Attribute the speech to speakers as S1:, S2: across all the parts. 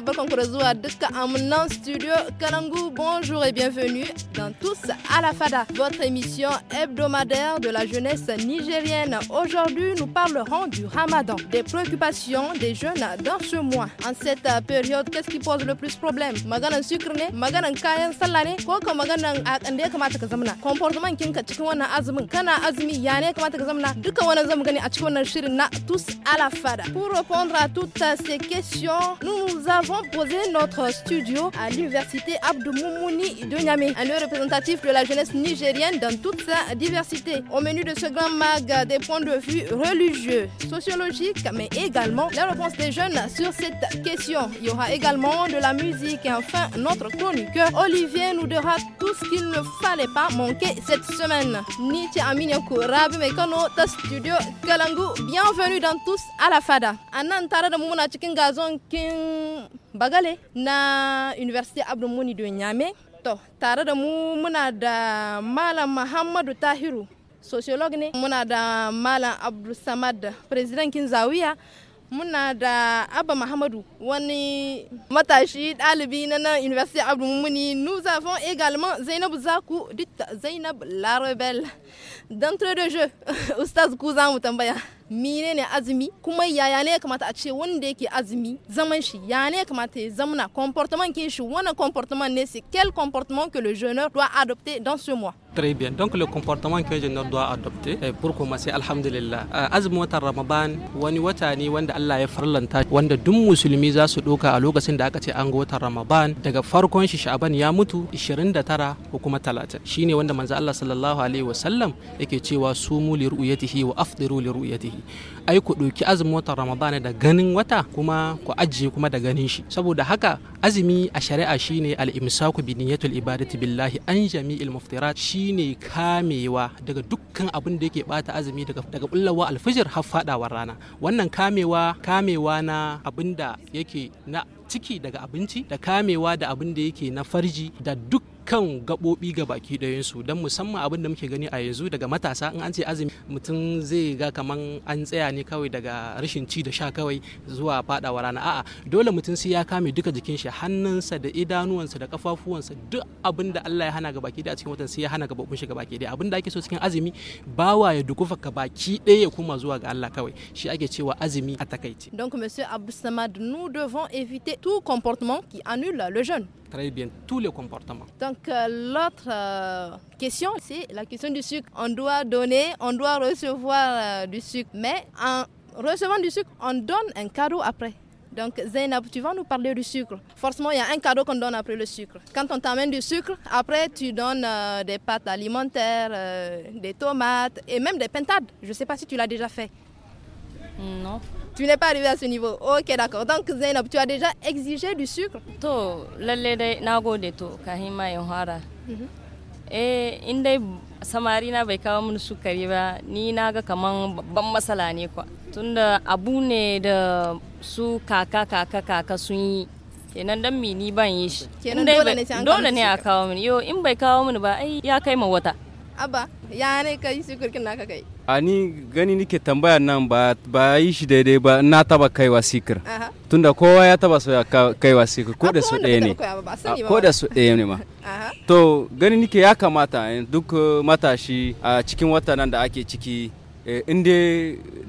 S1: matasa barkanku zuwa duka studio Kalangu bonjour et bienvenue dans tous à la Fada, votre émission hebdomadaire de la jeunesse nigérienne. Aujourd'hui, nous parlerons du Ramadan, des préoccupations des jeunes dans ce mois. En cette période, qu'est-ce qui pose le plus problème en sucre ne, en kayan sallah ne, ko ka maganan akande kamata ka zamana. Comportement kinka cikin wannan azumin, kana azumi ya ne kamata ka zamana. Duka wannan zamu gani a cikin wannan shirin na tous à la Fada. Pour répondre à toutes ces questions, nous nous avons poser notre studio à l'université Abdou Moumouni de Niamey, un lieu représentatif de la jeunesse nigérienne dans toute sa diversité. Au menu de ce grand mag, des points de vue religieux, sociologiques, mais également la réponse des jeunes sur cette question. Il y aura également de la musique et enfin notre chroniqueur Olivier nous dira tout ce qu'il ne fallait pas manquer cette semaine. Nietzsche Aminyoko, Rabi Mekono studio Kalangu, bienvenue dans tous à la FADA. Anan de Mouna Chicken Gazon King bagale na université abdou muni de nyame to tare da mu muna da malam muhammadu tahiru sociologue ne muna da malam abdul samad president kin zawiya muna da abba muhammadu wani matashi ɗalibi na na university abdu muni nous avons également zainab zaku dit zainab la rebelle d'entre de jeux oustaz ku mu tambaya mine ne azumi kuma yaya ne ya kamata a ce wanda yake azumi zaman shi ya ne ya kamata ya zamana comportement kin shi wannan comportement ne c'est quel comportement que le jeuneur doit adopter dans ce mois
S2: Très bien. Donc le comportement que jeuneur doit adopter eh, pour commencer alhamdulillah. Euh, azumi wata Ramadan wani wata ne wanda Allah ya farlanta wanda duk musulmi za su doka a lokacin da aka ce an ga wata Ramadan daga farkon shi Sha'ban ya mutu 29 ko kuma 30. Shine wanda manzo Allah sallallahu alaihi wasallam yake cewa sumu li ru'yatihi wa afdiru li ru'yatihi. ai ku ɗauki azumin watan ramadana da ganin wata kuma ku ajiye kuma da ganin shi saboda haka azumi a shari'a shine al-imsaku bi niyyatul ibadati billahi an jami'il muftirat shine kamewa daga dukkan abin da yake bata azumi daga daga bullawa alfijir har fadawar rana wannan kamewa kamewa na abin da yake na ciki daga abinci da kamewa da abin da yake na farji da duk kan gaɓoɓi ga baki ɗayansu don musamman abin da muke gani a yanzu daga matasa in an ce azumi mutum zai ga kaman an tsaya ne kawai daga rashin ci da sha kawai zuwa faɗawa rana a'a dole mutum sai ya kame duka jikin shi hannunsa da idanuwansa da kafafuwansa duk abin da Allah ya hana ga baki ɗaya a cikin watan sai ya hana gaɓoɓin shi ga baki ɗaya abin da ake so cikin azumi bawa ya dukufa ka baki ɗaya ya koma zuwa ga Allah kawai shi ake cewa azumi a takaice.
S1: Donc monsieur Abdou Samad nous devons éviter tout comportement qui annule le jeûne.
S2: très bien tous les comportements.
S1: Donc euh, l'autre euh, question, c'est la question du sucre. On doit donner, on doit recevoir euh, du sucre, mais en recevant du sucre, on donne un cadeau après. Donc Zainab, tu vas nous parler du sucre. Forcément, il y a un cadeau qu'on donne après le sucre. Quand on t'amène du sucre, après tu donnes des pâtes alimentaires, des tomates et même des pentades. Je ne sais pas si tu l'as déjà fait. Non. Tu n'es pas arrivé à ce niveau. Ok, d'accord. Donc, Zainab, tu as déjà exigé
S3: du sucre To, le le na gode to, kahin ma mhm. Eh, in dai samari na bai kawo mini sukari ba, ni na ga kaman babban matsala ne kwa. Tunda abu ne da su kaka kaka kaka sun yi kenan dan mi ni ban yi shi kenan dole ne dole ne a kawo mini yo in bai kawo mini ba ai ya kai ma wata abba ya ne kai sukurkin naka kai
S4: a ni gani nike tambaya nan ba ba yi shi daidai ba na taba kaiwa sikir tunda kowa ya taba so ya kaiwa sikir ko da su ɗaya ne ko da su ɗaya ne ma to gani nike ya kamata eh, duk eh, matashi a cikin wata nan da ake ciki eh, inda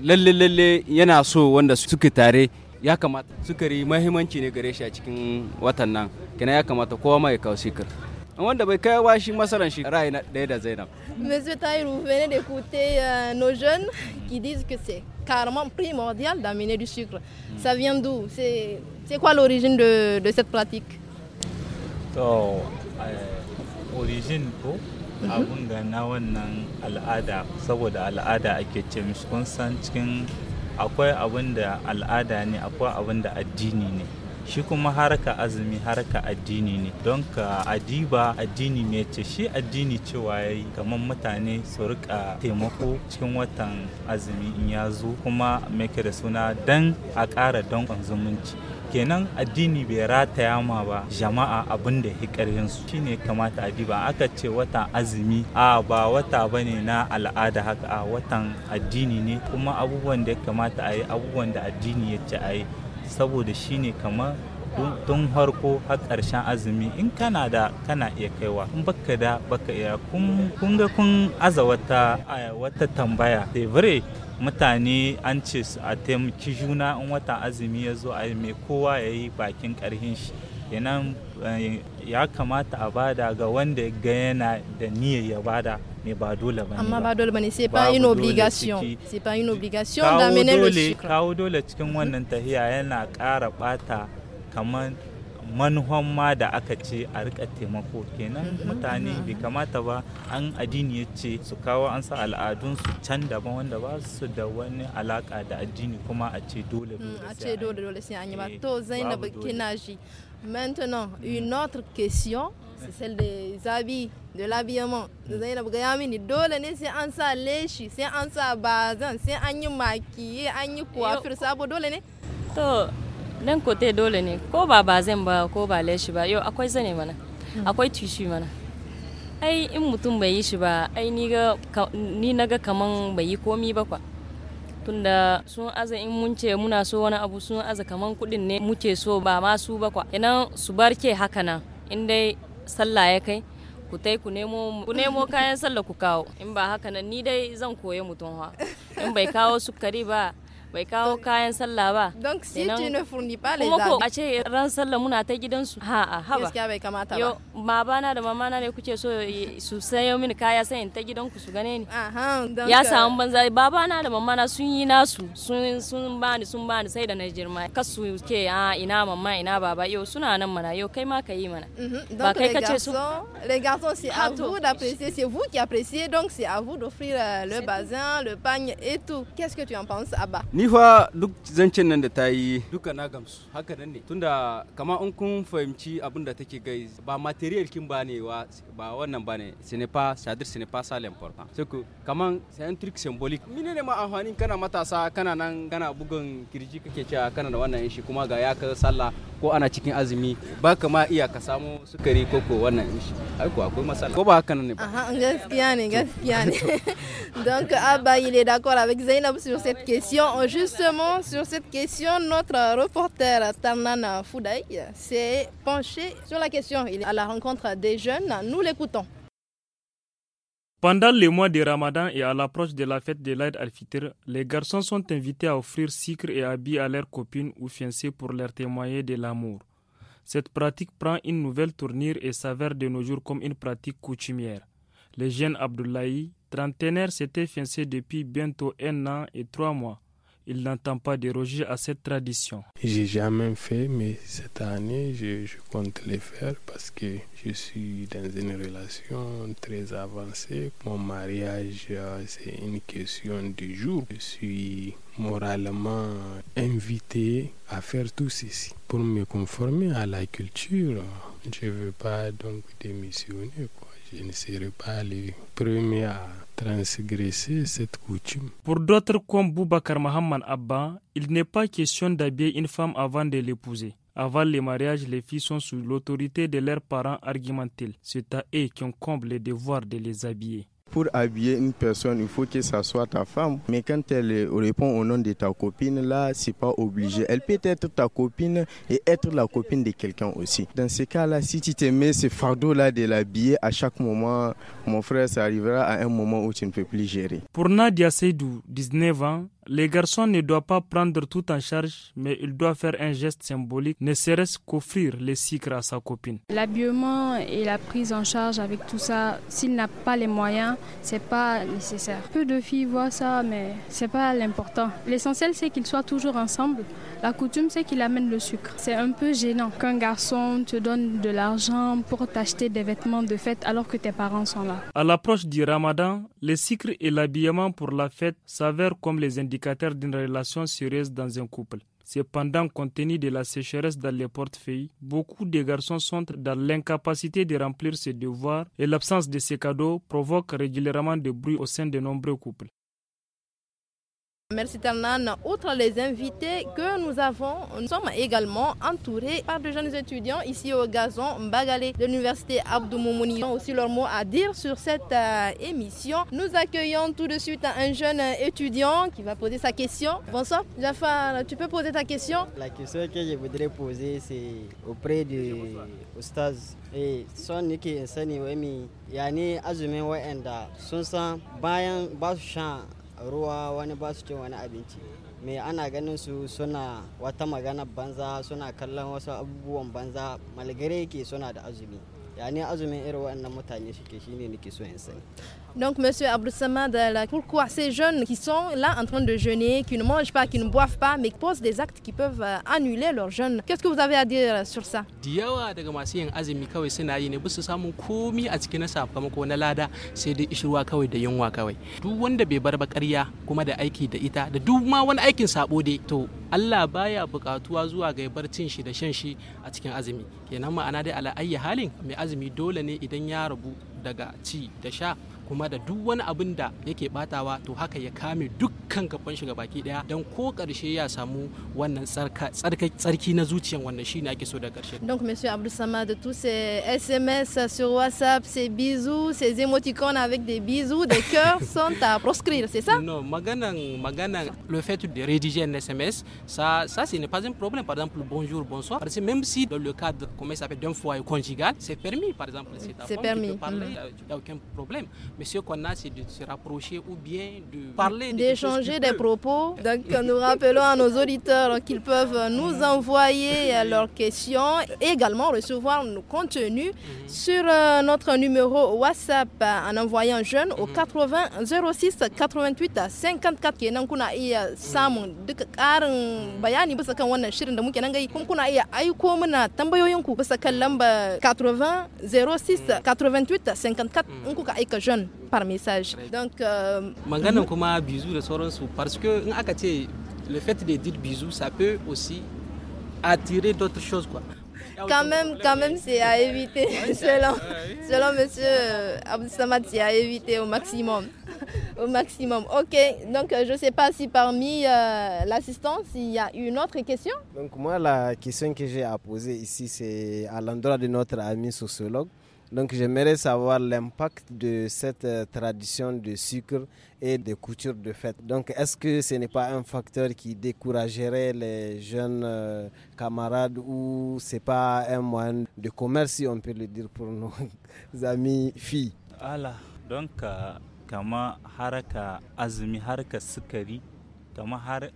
S4: lalle lalle yana so wanda suke tare ya kamata sukari mahimmanci ne gare shi a cikin watan nan kina ya kamata kowa ma ya kawo sikir wanda bai kai wa shi masaran shi ɗaya da Zainab.
S1: Monsieur Tahir, vous venez d'écouter euh, nos jeunes qui disent que c'est carrément primordial d'amener du sucre. Ça vient d'où C'est quoi l'origine de, de, cette pratique
S5: to eh, origine ko abun ga na wannan al'ada saboda al'ada ake ce mishi kun san cikin akwai abun da al'ada ne akwai abun da addini ne. shi kuma ka azumi ka addini ne don ka adiba addini mai ce shi addini cewa ya yi kamar mutane su rika taimako cikin watan azumi in ya zo kuma mai da suna dan a ƙara dankon zumunci kenan addini bai rataya ma ba jama'a abin da shi shi shine kamata a aka ce watan azumi a ba wata bane na al'ada haka a watan addini ne kuma abubuwan da ya kamata a yi abubuwan da addini ya ce a yi saboda shi ne kamar tun harko har ƙarshen azumi in kana da kana iya kaiwa in baka da baka iya kun ga kun aza wata wata tambaya tebure eh, mutane an ce a taimaki juna in wata azumi ya zo a mai kowa ya yi bakin ƙarhin shi kenan eh, ya kamata a bada ga wanda ga yana da niyyar ya bada mai ba dole ba amma ba dole ne sai ba yin obligation
S1: sai ba yin obligation da le sucre
S5: kawo dole cikin mhm. wannan tahiya yana ƙara bata kamar manuhan ma da aka ce a rika taimako kenan mhm. mutane mhm. bai kamata ba an addini ya ce su kawo an sa al'adunsu can daban wanda ba su da wani alaka da addini kuma a ce dole
S1: dole sai an yi ba eh, to zainab kina Maintenant, une mm. autre question, c'est celle des habits, de l'habillement. Zainab mm. Gayamini, dole ne sai an sa leshi, sai an sa bazan, sai an yi makiye, an yi coiffure, sabo dole ne?
S3: To, nan kote dole ne, ko ba bazan ba, ko ba leshi ba, yau akwai zane mana, akwai tishu mana. Ai in mutum bai yi shi ba, ai ni na ga kaman bai yi komi ba kwa. tunda sun aza in mun ce muna so wani abu sun aza kaman kuɗin ne muke so ba ma su ba kwa idan su barke haka nan in dai sallah ya kai ku tai ku nemo ku nemo kayan sallah ku kawo in ba haka nan ni dai zan koye mutum ha in bai kawo sukari ba bai kawo kayan sallah ba donc si tu ne
S1: fournis pas les kuma ko a ce
S3: ran sallah muna ta gidansu ha a haba gaskiya bai kamata ba yo babana da mamana ne kuke so su sayo mini kaya sai in ta gidanku su gane ni aha donc ya samu banza baba na da mamana sun yi nasu sun sun bani sun bani sai da na girma kasu ke a ina mamma ina baba yo suna nan mana yo kai ma ka yi mana
S1: mhm. ba kai ka ce su les garçons c'est à vous d'apprécier c'est vous qui appréciez donc c'est à vous d'offrir euh, le bazin le pagne et tout qu'est-ce que tu en penses Abba
S4: ni fa duk zancen nan da ta yi duka na gamsu haka nan ne tunda kamar in kun fahimci abin da take gai ba material kin ba ne wa ba wannan ba ne ce ne pas sadir ce ne pas ça l'important c'est que kaman c'est un truc symbolique mine ne ma amfanin kana matasa kana nan gana bugun kirji kake cewa kana da wannan shi kuma ga ya ka sallah ko ana cikin azumi ba kama iya ka samu sukari ko ko wannan shi ai ko akwai matsala ko ba haka nan ne
S1: ba gaskiya ne gaskiya ne donc abba il est d'accord avec Zainab sur cette question justement, sur cette question, notre reporter Tanana Foudaï s'est penché sur la question. Il est à la rencontre des jeunes. Nous l'écoutons.
S6: Pendant les mois de Ramadan et à l'approche de la fête de l'Aïd al-Fitr, les garçons sont invités à offrir sucre et habits à leurs copines ou fiancées pour leur témoigner de l'amour. Cette pratique prend une nouvelle tournure et s'avère de nos jours comme une pratique coutumière. Le jeune Abdoulaye, trentenaire, s'était fiancé depuis bientôt un an et trois mois il n'entend pas déroger à cette tradition. J'ai jamais fait, mais cette année, je, compte le faire parce que je suis dans une
S7: relation
S6: très avancée. Mon mariage, euh, c'est une question du jour. Je suis moralement invité à faire tout ceci pour me conformer à la culture. Je ne veux pas donc démissionner. Je ne serai pas le premier à pour d'autres comme Boubacar Mohamed Abba, il n'est pas question d'habiller une femme avant de l'épouser. Avant le mariage, les filles sont sous l'autorité de leurs parents, argumentés. C'est à eux qu'on comble le devoir de
S4: les habiller. Pour habiller une personne, il faut que ça soit ta femme. Mais quand elle répond au nom de ta copine, là, c'est pas obligé. Elle peut être ta copine et être la copine de quelqu'un aussi. Dans ce cas-là, si tu te mets ce fardeau-là de l'habiller à chaque moment, mon frère, ça arrivera à un moment où tu ne peux plus gérer.
S6: Pour Nadia Seydou, 19 ans, les garçons ne doit pas prendre tout en charge, mais il doit faire un geste symbolique, ne serait-ce qu'offrir les sucres à sa copine.
S3: L'habillement et la prise en charge avec tout ça, s'il n'a pas les moyens, c'est pas nécessaire. Peu de filles voient ça, mais c'est pas l'important. L'essentiel, c'est qu'ils soient toujours ensemble. La coutume, c'est qu'il amène le sucre. C'est un peu gênant qu'un garçon te donne de l'argent pour t'acheter des vêtements de fête alors que tes parents sont là.
S6: À l'approche du ramadan, les sucres et l'habillement pour la fête s'avèrent comme les indicateurs d'une relation sérieuse dans un couple. Cependant, compte tenu de la sécheresse dans les portefeuilles, beaucoup de garçons sont dans l'incapacité de remplir ses devoirs et l'absence de ces cadeaux provoque régulièrement des bruits au sein de nombreux couples.
S1: Merci Tanan. Outre les invités que nous avons, nous sommes également entourés par de jeunes étudiants ici au Gazon Mbagalé de l'université Abdou Moumouni. Ils ont aussi leur mot à dire sur cette euh, émission. Nous accueillons tout de suite un jeune étudiant qui va poser sa question. Bonsoir, Jafar, tu peux poser ta question
S3: La question que je voudrais poser, c'est auprès du Oustaz. Et son niki sani wemi yani Azume Wenda, Sonsan, bayan ba ruwa wani ba su cin wani abinci me ana ganin su suna wata magana banza suna kallon wasu abubuwan banza malgare ke suna da azumi yani azumi iri wa'annan mutane shike shine nake so in sani
S1: donc monsieur Abdou Samad pourquoi euh, ces jeunes qui sont là en train de jeûner qui ne mangent pas qui ne boivent pas mais qui posent des actes qui peuvent euh, annuler leur jeûne qu'est-ce que vous avez à dire euh, sur ça
S2: diyawa daga masu yin azumi kawai suna yi ne bisu samu komi a cikin sakamako na lada sai dai ishirwa kawai da yunwa kawai duk wanda bai bar bakarya kuma da aiki da ita da duk ma wani aikin sabo dai to Allah baya bukatuwa zuwa ga barcin shi da shan shi a cikin azumi kenan ma'ana dai ala ayyi halin mai azumi dole ne idan ya rabu daga ci da sha donc
S1: monsieur Abdou Samad tous ces SMS sur WhatsApp ces bisous ces émoticônes avec des bisous des cœurs sont à proscrire c'est ça
S2: non le fait de rédiger un SMS ça ça ce n'est pas un problème par exemple bonjour bonsoir parce que même si dans le cadre comme ça s'appelle d'un foyer conjugal c'est permis par exemple c'est permis il n'y mm. euh, a aucun problème Monsieur Kona, c'est de se rapprocher ou bien de
S1: parler. D'échanger des propos. Donc nous rappelons à nos auditeurs qu'ils peuvent nous envoyer leurs questions et également recevoir nos contenus mhm. sur euh, notre numéro WhatsApp en envoyant jeune au 80 06 88 54 kenan kuna iya samun duka bayani bisa kan wannan shirin da muke nan kuna iya aiko muna tambayoyinku bisa kan 80 06 88 54 in kuka aika jeune par message. Donc. Euh,
S2: bisous de parce que le fait de dire bisous, ça peut aussi attirer d'autres choses quoi.
S1: Quand même, quand même, c'est à éviter, selon, selon monsieur euh, Samad, c'est à éviter au maximum. Au maximum. Ok, donc euh, je ne sais pas si parmi l'assistance, il y a une autre question.
S8: Donc moi, la question que j'ai à poser ici, c'est à l'endroit de notre ami sociologue. Donc j'aimerais savoir l'impact de cette euh, tradition de sucre et de couture de fête. Donc est-ce que ce n'est pas un facteur qui découragerait les jeunes euh, camarades ou c'est pas un moyen de commerce si on peut le dire pour nos amis filles Voilà.
S5: Donc comment euh, haraka haraka sukari har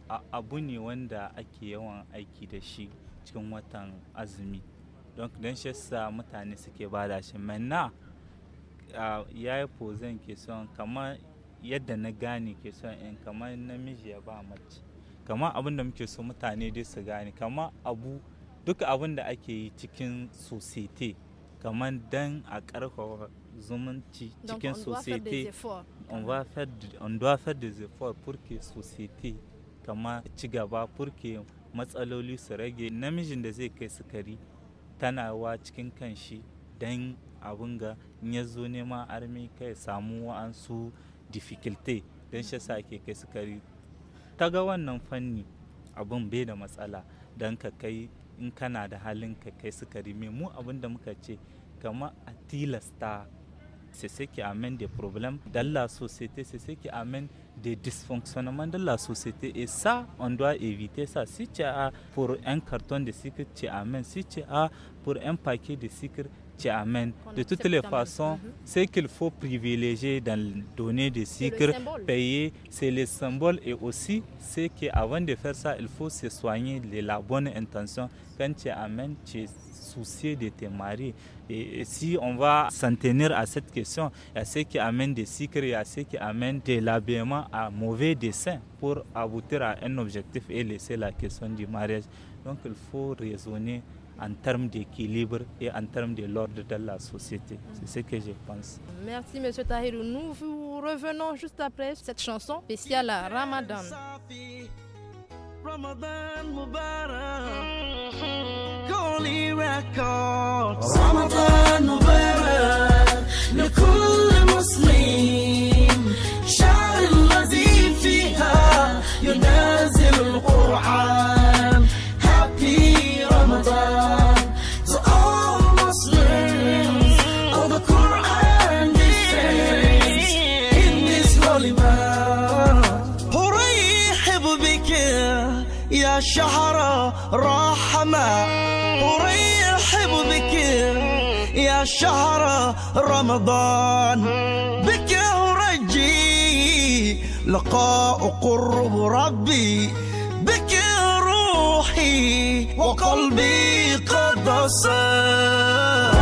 S5: don don shi sa mutane suke ba da shi manna ya yi pozan ke son kamar yadda na gane ke son in kamar namiji ya ba mace kamar abin da muke so mutane dai su gane kamar abu duk abin da ake yi cikin sosete kamar dan a karfafa zumunci cikin sosete on doit faire des efforts purke que society kamar ci gaba purke matsaloli su rage namijin da zai kai sukari tana tanawa cikin kanshi don abun ga in ya zo neman armi kai samu wa'ansu difficulty don shi sa ke kai kari ta ga wannan fanni abun bai da matsala don ka kai in kana da halin ka kai kari mai mu abin da muka ce kama a tilasta sai sai ki amen da problem dalla so sai sai sai ki amen des dysfonctionnements de la société. Et ça, on doit éviter ça. Si tu as pour un carton de sucre, tu amènes. Si tu as pour un paquet de sucre, tu amènes. De toutes les façons, mhm. ce qu'il faut privilégier dans donner des sucre, payer, c'est les symboles et aussi c'est qu'avant de faire ça, il faut se soigner de la bonne intention. Quand tu amènes, tu es de tes maris. Et si on va s'en tenir à cette question, il y a ceux qui amène des secrets, il y a ceux qui amène de l'habillement à mauvais dessin pour aboutir à un objectif et laisser la question du mariage. Donc il faut raisonner en termes d'équilibre et en termes de l'ordre de la société. C'est ce que je pense.
S1: Merci, Monsieur Tahirou. Nous vous revenons juste après cette chanson spéciale à Ramadan.
S7: رمضان مبارك لكل مسلم شعر الذي فيها ينازل القرآن هابي رمضان to all Muslims all the Quran descends in this holy month أريح بك يا شهر رحمه يا شهر رمضان بك أرجي لقاء قرب ربي بك روحي وقلبي قد صار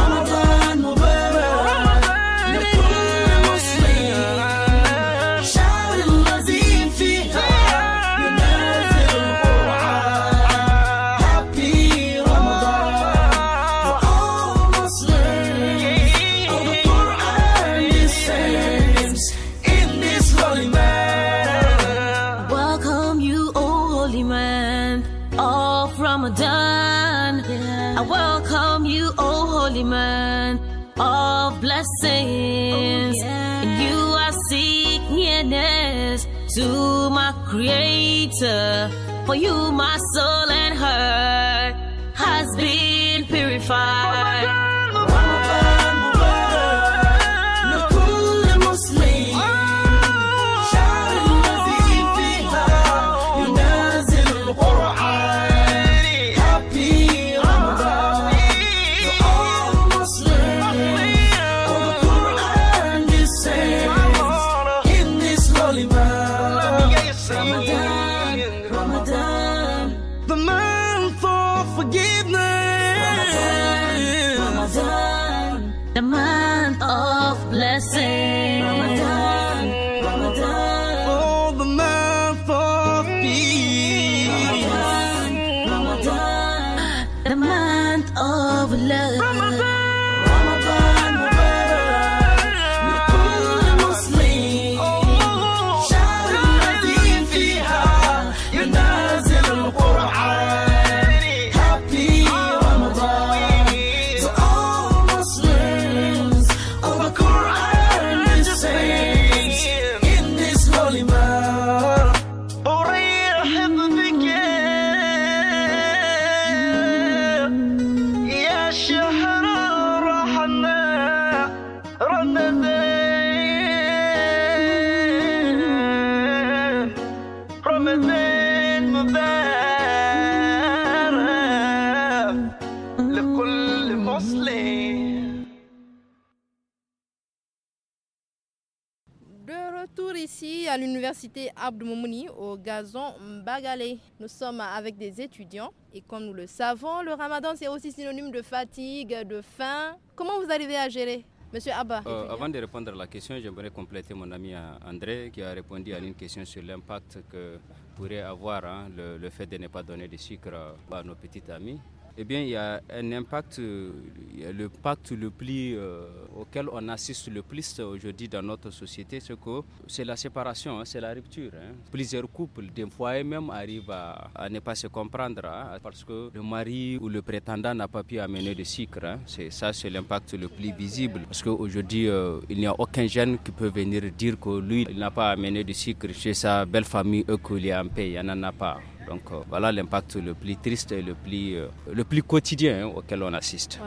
S1: cité Abd Moumouni au gazon Mbagale. Nous sommes avec des étudiants et comme nous le savons, le ramadan c'est aussi synonyme de fatigue, de faim. Comment vous arrivez à gérer Monsieur Abba. Euh, avant
S4: de répondre à la question, j'aimerais compléter mon ami euh, André qui a répondu à une question sur l'impact que pourrait avoir hein, le, fait de ne pas donner de sucre à nos petites amies eh bien, il y a un impact, le pacte le plus euh, auquel on assiste le plus aujourd'hui dans notre société, c'est que c'est la séparation, hein, c'est la rupture. Hein. Plusieurs couples, des fois même, arrivent à, ne pas se comprendre hein, parce que le mari ou le prétendant n'a pas pu amener de sucre. C'est ça, c'est l'impact le plus visible parce qu'aujourd'hui, euh, il n'y a aucun jeune qui peut venir dire que lui, il n'a pas amené de sucre chez sa belle famille, eux qu'il en paix, il n'y en a pas. Donc euh, voilà l'impact le plus triste et le plus, euh, le plus quotidien hein, auquel on assiste.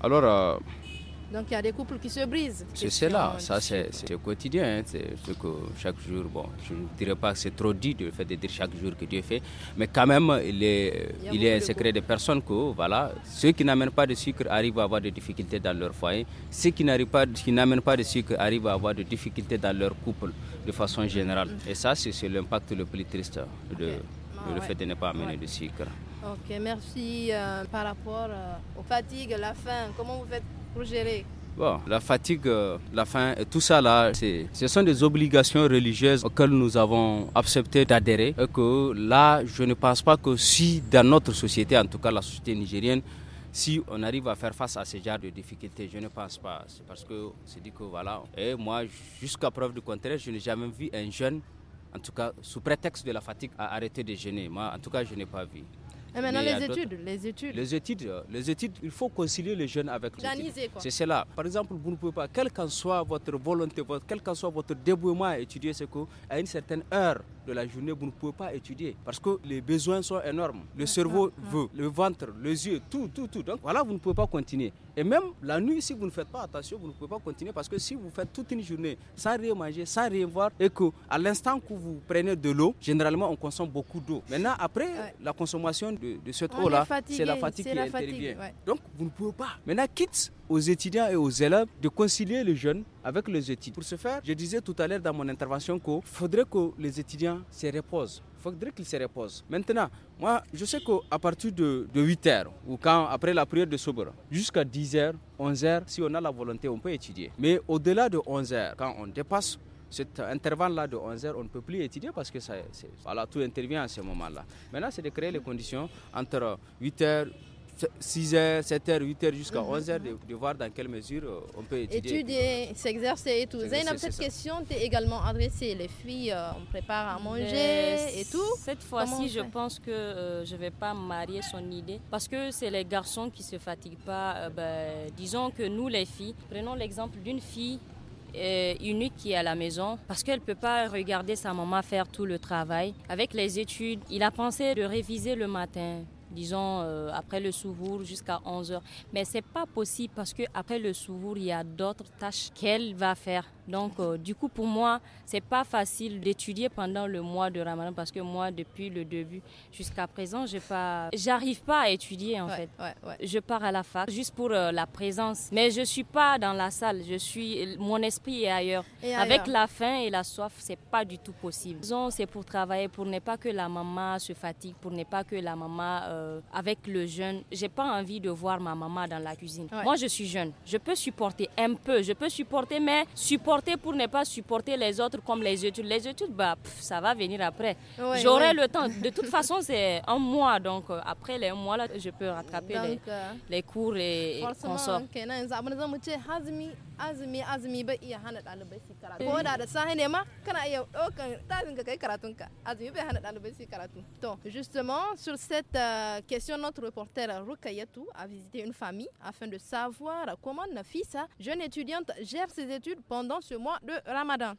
S4: Alors. Euh,
S1: donc il y a des couples qui se brisent. C'est cela, ça
S4: c'est quotidien. Hein, c'est ce que chaque jour, bon, je ne dirais pas que c'est trop dit de, fait dire chaque jour que Dieu fait, mais quand même, il est, il, est un secret des personnes que, voilà, ceux qui n'amènent pas de sucre arrivent à avoir des difficultés dans leur foyer, ceux qui n'arrivent pas, qui n'amènent pas de sucre arrivent à avoir des difficultés dans leur couple de façon générale. Mm. Et ça, c'est l'impact le plus triste de. Ah, le fait de ne pas amener de sucre.
S1: Ok, merci. Euh, par rapport euh, aux fatigues, la faim, comment vous faites pour gérer
S4: Bon, la fatigue, euh, la faim, et tout ça là, ce sont des obligations religieuses auxquelles nous avons accepté d'adhérer. Et que là, je ne pense pas que si dans notre société, en tout cas la société nigérienne, si on arrive à faire face à ce genre de difficultés, je ne pense pas. C'est parce que c'est dit que voilà. Et moi, jusqu'à preuve du contraire, je n'ai jamais vu un jeune en tout cas sous prétexte de la fatigue, à arrêter de jeûner. Moi, en tout cas, je n'ai pas vu. Et maintenant, les études,
S1: les études, les
S4: études. Euh, les études, il faut concilier les jeunes avec les C'est cela. Par exemple, vous ne pouvez pas, quelle qu'en soit votre volonté, votre, quel qu'en soit votre dévouement à étudier, c'est qu'à une certaine heure, la journée, vous ne pouvez pas étudier parce que les besoins sont énormes. Le ah, cerveau ah, ah. veut, le ventre, les yeux, tout, tout, tout. Donc voilà, vous ne pouvez pas continuer. Et même la nuit, si vous ne faites pas attention, vous ne pouvez pas continuer parce que si vous faites toute une journée sans rien manger, sans rien voir, et que à l'instant que vous prenez de l'eau, généralement on consomme beaucoup d'eau. Maintenant, après la consommation de, de cette eau-là, c'est la fatigue qui intervient. fatigue Donc vous ne pouvez pas. Maintenant, quitte aux étudiants et aux élèves de concilier les jeunes avec les études. Pour ce faire, je disais tout à l'heure dans mon intervention qu'il faudrait que les étudiants se reposent. Il faudrait qu'ils se reposent. Maintenant, moi, je sais qu'à partir de, 8h, ou quand, après la prière de Sobra, jusqu'à 10h, 11h, si on a la volonté, on peut étudier. Mais au-delà de 11h, quand on dépasse cet intervalle-là de 11h, on ne peut plus étudier parce que ça, voilà, tout intervient à ce moment-là. Maintenant, c'est de créer les conditions entre 8h, 6h, 7h, 8h jusqu'à 11h, mhm. de, voir dans quelle mesure euh, on peut étudier.
S1: Étudier, s'exercer et tout. Zainab, cette question t'est également adressée. Les filles, euh, on prépare à ben, manger et tout.
S3: Cette fois-ci, je pense que euh, je ne vais pas marier son idée parce que c'est les garçons qui ne se fatiguent pas. Ben, disons que nous, les filles, prenons l'exemple d'une fille unique qui est à la maison parce qu'elle ne peut pas regarder sa maman faire tout le travail. Avec les études, il a pensé de réviser le matin, disons euh, après le souvour jusqu'à 11 heures. Mais c'est pas possible parce que après le souvour, il y a d'autres tâches qu'elle va faire. Donc, euh, du coup, pour moi, c'est pas facile d'étudier pendant le mois de Ramadan parce que moi, depuis le début jusqu'à présent, j'ai pas, j'arrive pas à étudier en fait. Je pars à la fac juste pour euh, la présence, mais je suis pas dans la salle. Je suis, mon esprit est ailleurs. Avec la faim et la soif, c'est pas du tout possible. C'est pour travailler, pour ne pas que la maman se fatigue, pour ne pas que la maman euh, avec le jeûne. J'ai pas envie de voir ma maman dans la cuisine. Moi, je suis jeune, je peux supporter un peu, je peux supporter, mais supporter pour ne pas supporter les autres comme les études. Les études, bah, ça va venir après. J'aurai le temps. De toute façon, c'est un mois. Donc, euh, après les mois, là, je peux rattraper les, euh, les, cours et consorts. Bah,
S1: mm. oh, bah, justement, sur cette euh, question, notre reporter Rukayatu a visité une famille afin de savoir comment sa jeune étudiante, gère ses études pendant ce mois de Ramadan.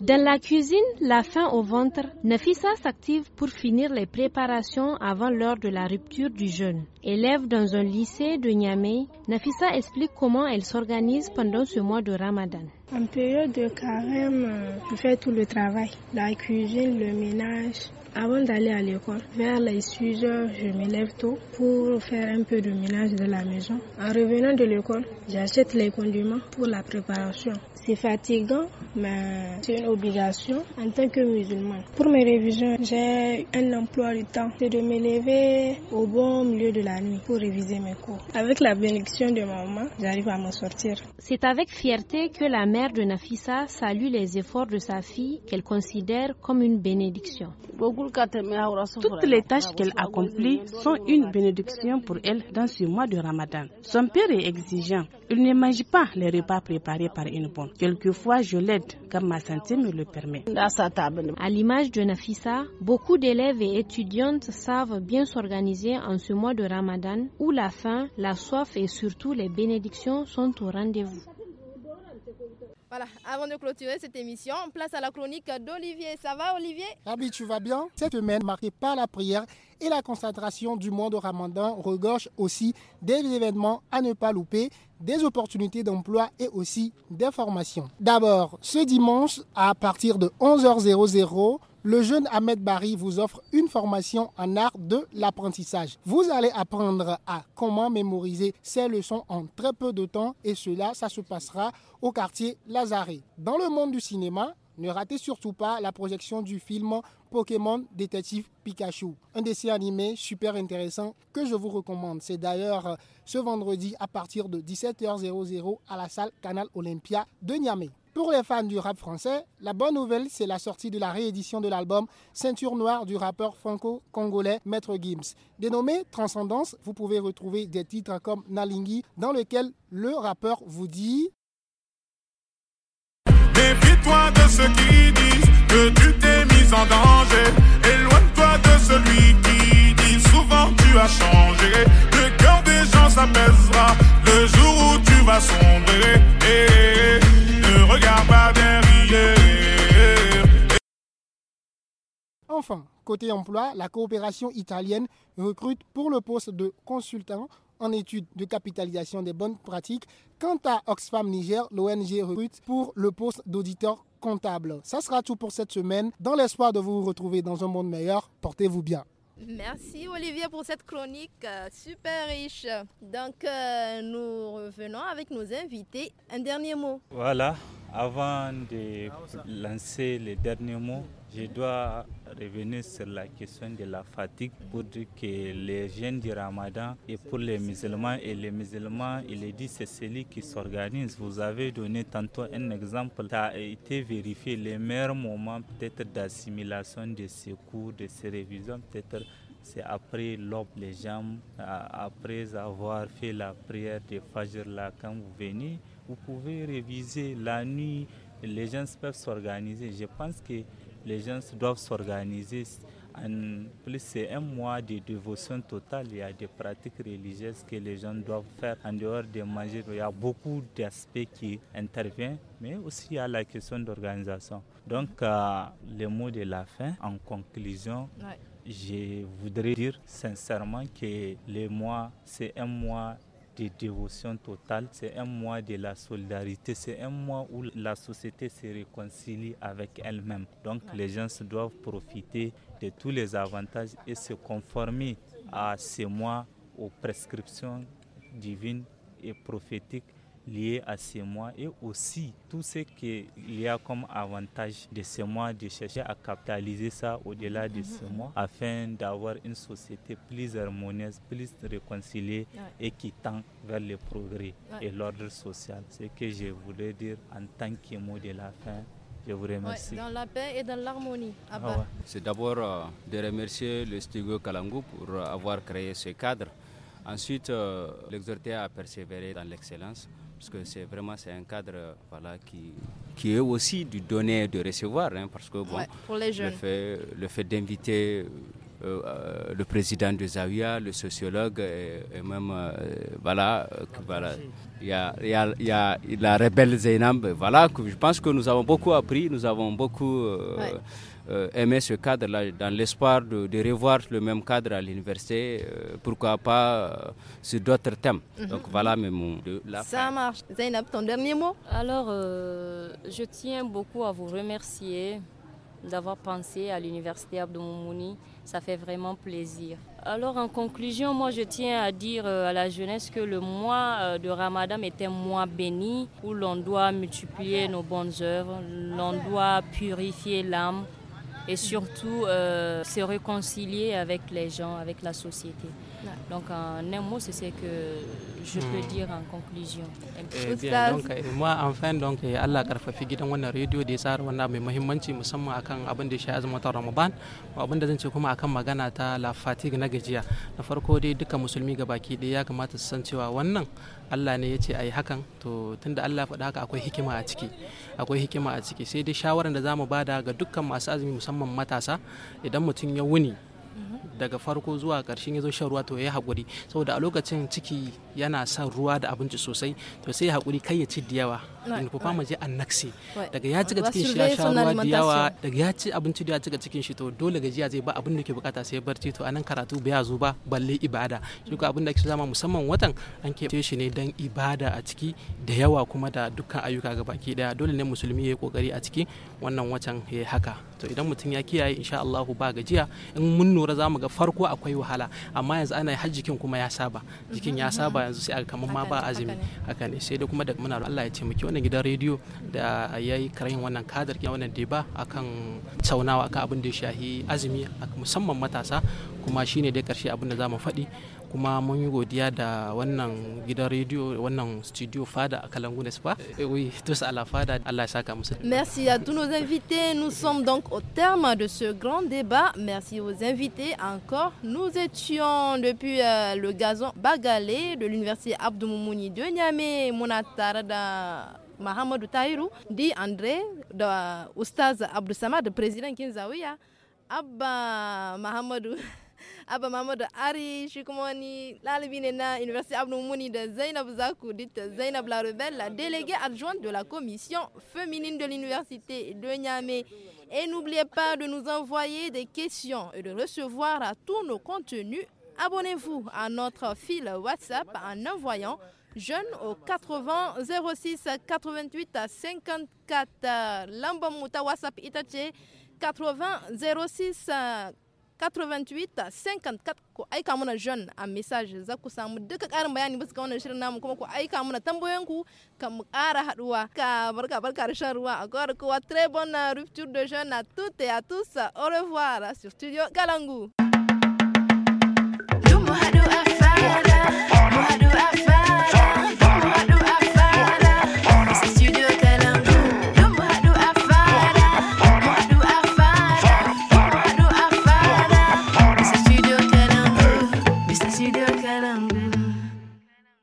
S1: Dans la cuisine, la faim au ventre, Nafissa s'active pour finir les préparations avant l'heure de la rupture du jeûne. Élève dans un lycée de Niamey, Nafissa explique comment elle s'organise pendant ce mois de Ramadan. En période de carême, je fais tout le travail, la cuisine, le ménage, avant d'aller à l'école, vers les 6 heures, je me lève tôt pour faire un peu de ménage de la maison. En revenant de l'école, j'achète les condiments pour la préparation. C'est fatigant, mais c'est une obligation en tant que musulman. Pour mes révisions, j'ai un emploi du temps. C'est de me lever au bon milieu de la nuit pour réviser mes cours. Avec la bénédiction de maman, j'arrive à m'en sortir. C'est avec fierté que la mère de Nafissa salue les efforts de sa fille qu'elle considère comme une bénédiction. Toutes les tâches qu'elle accomplit sont une bénédiction pour elle dans ce mois de Ramadan. Son père est exigeant. Il ne mange pas les repas préparés par une bonne. Quelquefois, je l'aide quand ma santé me le permet. À l'image de Nafissa, beaucoup d'élèves et étudiantes savent bien s'organiser en ce mois de Ramadan où la faim, la soif et surtout les bénédictions sont au rendez-vous. Voilà, avant de clôturer cette émission,
S8: place à la chronique d'Olivier. Ça va Olivier Oui, tu vas bien Cette semaine marquée par la prière et la concentration du mois de Ramadan regorge aussi des événements à ne pas louper, des opportunités d'emploi et aussi des formations. D'abord, ce dimanche, à partir de 11h00, le jeune Ahmed Barry vous offre une formation en art de l'apprentissage. Vous allez apprendre à comment mémoriser ces leçons en très peu de temps et cela, ça se passera au quartier Lazare. Dans le monde du cinéma, ne ratez surtout pas la projection du film Pokémon Détective Pikachu, un dessin animé super intéressant que je vous recommande. C'est d'ailleurs euh, ce vendredi à partir de 17h00 à la salle Canal Olympia de Niamey. Pour les fans du rap français, la bonne nouvelle, c'est la sortie de la réédition de l'album Ceinture Noire du rappeur franco-congolais Maître Gims. Dénommé Transcendance, vous pouvez retrouver des titres comme Nalingi, dans lequel le rappeur vous dit toi de ceux qui disent que tu t'es mis en danger, éloigne-toi de celui
S7: qui souvent tu as changé. Le cœur des gens s'apaisera le jour où tu vas sombrer. Et ne regarde pas derrière.
S8: Enfin, côté emploi, la coopération italienne recrute pour le poste de consultant en études de capitalisation des bonnes pratiques. Quant à Oxfam Niger, l'ONG recrute pour le poste d'auditeur comptable. Ça sera tout pour cette semaine. Dans l'espoir de vous retrouver dans un monde meilleur, portez-vous bien.
S1: Merci Olivier pour cette chronique euh, super riche. Donc euh, nous revenons avec nos invités. Un dernier mot.
S5: Voilà, avant de lancer les derniers mots, je dois revenir sur la question de la fatigue pour que les jeunes du ramadan et pour les musulmans et les musulmans, il est dit c'est celui qui s'organise. Vous avez donné tantôt un exemple, ça a été vérifié les meilleurs moments peut-être d'assimilation de ces cours, de ces révisions, peut-être c'est après l'aube, les jambes, euh, après avoir fait la prière de Fajr là, quand vous venez, vous pouvez réviser la nuit, les gens peuvent s'organiser. Je pense que les gens doivent s'organiser. En plus, c'est un mois de dévotion totale. Il y a des pratiques religieuses que les gens doivent faire en dehors des manger. Il y a beaucoup d'aspects qui interviennent, mais aussi il y a la question d'organisation. Donc, euh, le mot de la fin, en conclusion, je voudrais dire sincèrement que le mois, c'est un mois de dévotion totale, c'est un mois de la solidarité, c'est un mois où la société se réconcilie avec elle-même. Donc les gens doivent profiter de tous les avantages et se conformer à ces mois aux prescriptions divines et prophétiques lié à ces mois et aussi tout ce qu'il y a comme avantage de ces mois, de chercher à capitaliser ça au-delà de ces mhm. mois afin d'avoir une société plus harmonieuse, plus réconciliée et qui tend vers le progrès et l'ordre social. Ce que je voulais dire en tant que mot de la fin. Je vous remercie. dans
S1: la paix et dans l'harmonie. Ah
S4: C'est d'abord euh, de remercier le studio Kalangu pour euh, avoir créé ce cadre. Ensuite, euh, l'exhorter à persévérer dans l'excellence parce que c'est vraiment c'est un cadre voilà, qui, qui est aussi du donner et de recevoir, hein, parce que bon, fait, le fait d'inviter euh, euh, euh, le président de Zawiya, le sociologue, et, même, euh, voilà, il y a, y a la rebelle Zainab, voilà, je pense que nous avons beaucoup appris, nous avons beaucoup aimé ce cadre-là, dans l'espoir de, revoir le même cadre à l'université, pourquoi pas sur d'autres thèmes. Mhm. Donc voilà, mais mon, de, la Ça
S3: marche. Zainab, ton dernier mot Alors, je tiens beaucoup à vous remercier d'avoir pensé à l'université Abdou ça fait vraiment plaisir. Alors en conclusion, moi je tiens à dire euh, à la jeunesse que le mois euh, de Ramadan est un mois béni où l'on doit multiplier nos bonnes œuvres, l'on doit purifier l'âme et surtout euh, se réconcilier avec les gens, avec la société. Donc en euh, un mot, c'est ce que je peux hmm. dire en conclusion. Eh bien, donc eh,
S2: moi enfin donc eh, Allah karfafi gidan wannan radio da ya tsara wannan mai muhimmanci musamman akan abin da ya shafi azumin Ramadan, abin da zan ce kuma akan magana ta la fatigue na gajiya. Na farko dai duka musulmi gaba ɗaya ya kamata su san cewa wannan Allah ne ya ce a yi hakan to tunda Allah faɗa haka akwai hikima a ciki akwai hikima a ciki sai dai shawaran da zamu bada ga dukkan masu azumi musamman matasa idan mutum ya wuni daga farko zuwa ƙarshen ya zo shan ruwa to ya hakuri saboda a lokacin ciki yana son ruwa da abinci sosai to sai ya haƙuri kai ya ci da yawa kuma mu je an annexé daga ya cika cikin shi ya sha ruwa da yawa daga ya ci abinci da ya cika cikin shi to dole gajiya zai ba abin da ke bukata sai barci to anan karatu ba ya zo ba balle ibada shi ko abin da ake zama musamman watan an ke shi ne dan ibada a ciki da yawa kuma da dukkan ayyuka ga baki daya dole ne musulmi ya yi kokari a ciki wannan watan ya haka to idan mutum ya kiyaye insha Allahu ba gajiya in mun nura za mu ga farko akwai wahala amma yanzu ana hajjikin kuma ya saba jikin ya mm-hmm, saba mm-hmm. yanzu sai aka kamar ma ba azumi haka ne sai dai kuma da muna Allah ya taimaki wannan wannan gidan rediyo da ya yi karayin wannan kadar wannan deba akan saunawa akan abin da ya shahi azumi musamman matasa kuma shine dai karshe abin da za mu faɗi kuma mun yi godiya da wannan gidan rediyo wannan studio fada a Kalangoune, n'est-ce pas Et eh, Oui, tous à la fada, Allah saka
S1: Merci à tous nos invités. Nous sommes donc au terme de ce grand débat. Merci aux invités encore. Nous étions depuis euh, le gazon Bagalé de l'université Abdou Moumouni de Niamey, Monatarada. Mohamed Tahirou, dit André de Ustaz Abdou Samad Président Kinzaouia. Abba Mohamed, Abba Mahamadou Ari shi Université Abdou Mouni de Zainab Zakou dit Zainab la Rebelle la déléguée adjointe de la commission féminine de l'université de Niamey et n'oubliez pas de nous envoyer des questions et de recevoir tous nos contenus abonnez-vous à notre fil WhatsApp en envoyant Jeune au 80 06 88 54 Lambamuta WhatsApp Itache 80 06 88 54 jeune a message Zakusamu duka karin bayani aika très bonne rupture de jeune à toutes et à tous au revoir sur studio Kalangu